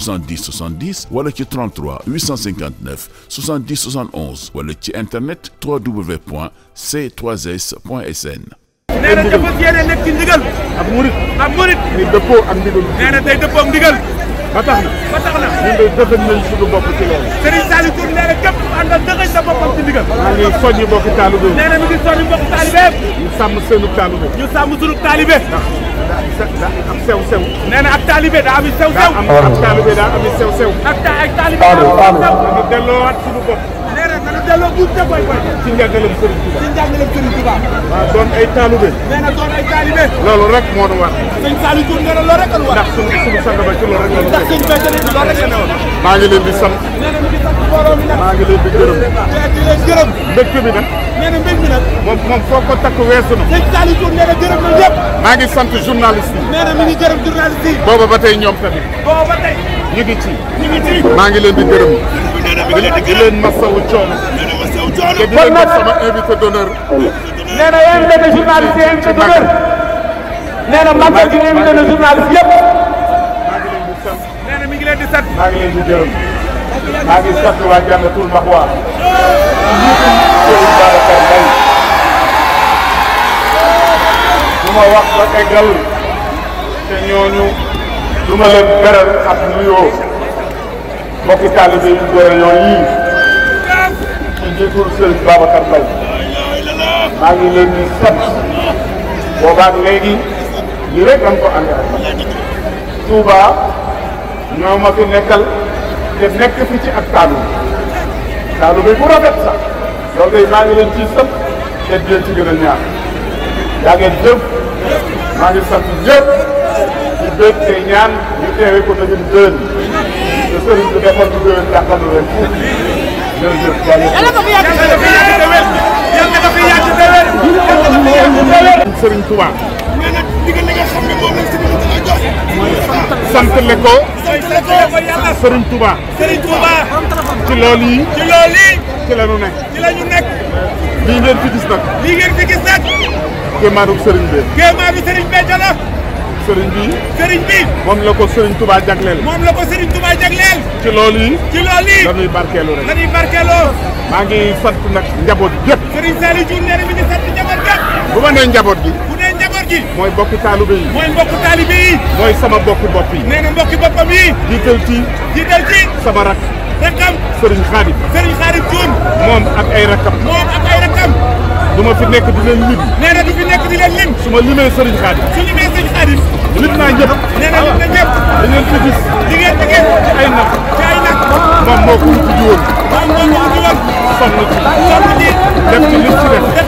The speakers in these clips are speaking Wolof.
70 70 wala ci 33 859 70 71 wala ci internet www.c3s.sn. nee na dafa yéene nekk ci ndigal. ak murit ak murit. muy dëppoo ak ndigal. nee na day dëppoo ak ndigal. ba tax na ba tax na ci loolu Serigne Saliou Thioune nee na képp ku àndal sa boppam ci maa ngi soññi mbokki taalibe nee na mi ngi soññi mbokki taalibe ñu sàmm seenu taalibe ñu sàmm suñu sew sew nee na ak daa am sew sew ak taalibe daa am sew sew ak taalibe daa am sew sew dana delloo buut ca Boy Boy. ci njàngaleem Serigne Touba. ci njàngaleem Serigne Touba. waaw doon ay taalibe. nee na doon ay taalibe. loolu rek moo doon war. ndax suñu suñu sang ba ci loolu rek la war. maa ngi leen di sant. bi nag. nee na mbég mi moom moom foo ko takk weesu na. sëñ maa ngi sant journaliste yi. nee na mi ngi gërëm journaliste yi. booba ba tey ñoom tamit. booba ba tey ñu ngi ci. ñu ngi ci maa ngi leen di gërëm. di leen masawu coono. te di leen def sama invité d'honneur. nee na invité de journaliste yi invité d'honneur. nee na Mbacke di invité de journaliste yëpp. maa ngi leen di sant. nee na mi ngi leen di sant. maa ngi leen di gërëm. maa ngi sant waa Jannatul Maxwa. ma wax ba eggal te ñooñu. lu ma leen beral ak nuyoo mbokki taalibe yi réunion yii ci njiitul sëriñ Babacar Mbaye maa ngi leen di sant boobaak léegi lii rek lañ ko ànd ak Touba ñoo ma fi nekkal te nekk fi ci ak taalum taalum bi bu rafet sax loolu day maa ngi leen ciy sant te di ci gën a ñaar yaa ngeen jëf maa ngi dégg say ñaan ñu teewee ko dañu gën te sëriñ bi defoon ñu gën dàqalu leen jërëjëf yàlla ko fi yàgg déwén yàlla ko fi yàgg déwén yàlla ko fi yàgg déwén sëriñ Touba nee na digg na nga xam ne moom la sëriñ Touba jox sant le ko sëriñ Touba sëriñ Touba ci loolu yi ci loolu yi ci la ñu nekk ci la ñu nekk lii ngeen fi gis nag lii ngeen fi gis nag kéemaanu sëriñ bi kéemaanu sëriñ bi ca la sëriñ bi sëriñ bi moom la ko sëriñ Touba jagleel moom la ko sëriñ Touba jagleel ci loolu yi ci loolu yi dañuy barkeelu rek dañuy barkeeloo maa ngi sant nag njaboot yëpp sëriñ Saliou Diouf nee na mi sant njaboot yëpp bu ma nee njaboot gi bu nee njaboot gi mooy bokk taalibe yi mooy mbokku taalibe yi mooy sama bokk bopp yi nee na mbokki boppam yi jiital ci jiital ci sama rak rakam sëriñ Xaadim sëriñ Xaadim Diouf moom ak ay rakam moom ak ay rakam du ma fi nekk di leen lim nee na du lim naa ñëpp. nee na lim na ñëpp. dañ leen ko ci ay nag. ci ay nag. moom moo ko wutu ji woon. moom moo ko wutu woon. sonn ci. sonn ci. def ci lim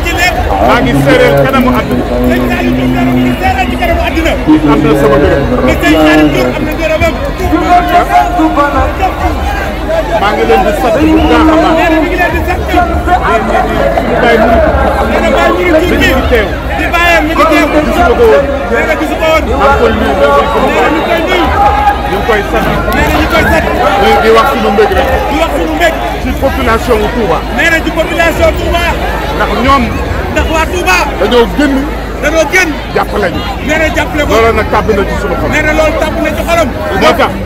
ci def. maa ngi seereel kanamu àdduna. dañ naa yu ñu seereel ci kanamu àdduna. am na sama gërëm. mais maa ngi leen di sant bu baax ngi leen di sant. nee na ngi. nee na bàyyi mu nee na ñu koy sant. di wax suñu mbég rek. di wax suñu mbég. ci population Touba. nee na ci population ndax ñoom. ndax waa Touba. dañoo génn. dañoo génn. jàppale ñu. nee na tàbb na ci suñu xol. nee loolu tàbb na ci xolam.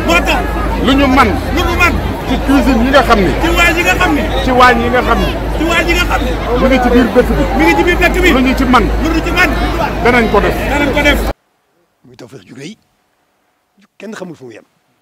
moo tax lu ñu man lu ñu man ci cuisine yi nga xam ni. ci xam danañ ko def. fu yem.